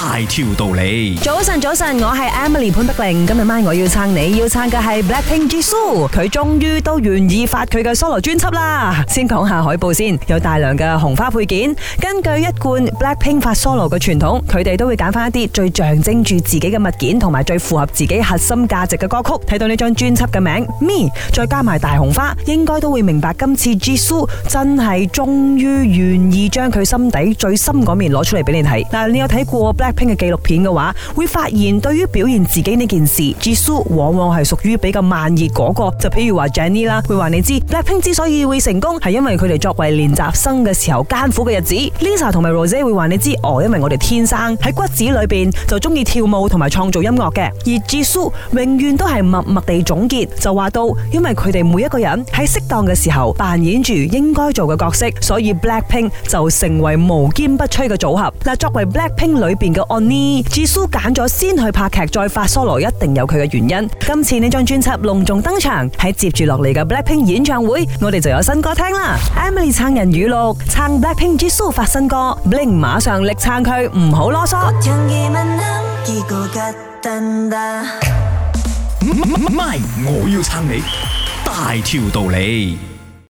大條道理，早晨早晨，我係 Emily 潘碧玲，今日晚我要撐你，要撐嘅係 Blackpink Jisoo，佢終於都願意發佢嘅 solo 專輯啦。先講下海報先，有大量嘅紅花配件。根據一貫 Blackpink 發 solo 嘅傳統，佢哋都會揀翻一啲最象徵住自己嘅物件，同埋最符合自己核心價值嘅歌曲。睇到呢張專輯嘅名 Me，再加埋大紅花，應該都會明白今次 Jisoo 真係終於願意將佢心底最深嗰面攞出嚟俾你睇。嗱，你有睇過、Black Blackpink 嘅紀錄片嘅話，會發現對於表現自己呢件事，Jisoo 往往係屬於比較慢熱嗰個。就譬如話 Jennie 啦，會話你知 Blackpink 之所以會成功，係因為佢哋作為練習生嘅時候艱苦嘅日子。Lisa 同埋 Rosé 會話你知哦，因為我哋天生喺骨子裏面，就中意跳舞同埋創造音樂嘅。而 Jisoo 永遠都係默默地總結，就話到因為佢哋每一個人喺適當嘅時候扮演住應該做嘅角色，所以 Blackpink 就成為無堅不摧嘅組合。嗱，作為 Blackpink 裏面嘅。Oni，Jisoo 揀咗先去拍劇，再發 Solo 一定有佢嘅原因。今次呢張專輯隆重登場，喺接住落嚟嘅 Blackpink 演唱會，我哋就有新歌聽啦。 Emily 撐人語錄，撐 Blackpink Jisoo 發新歌，Blink 馬上力撐佢，唔好囉嗦。咪，我要撐你，大條道理。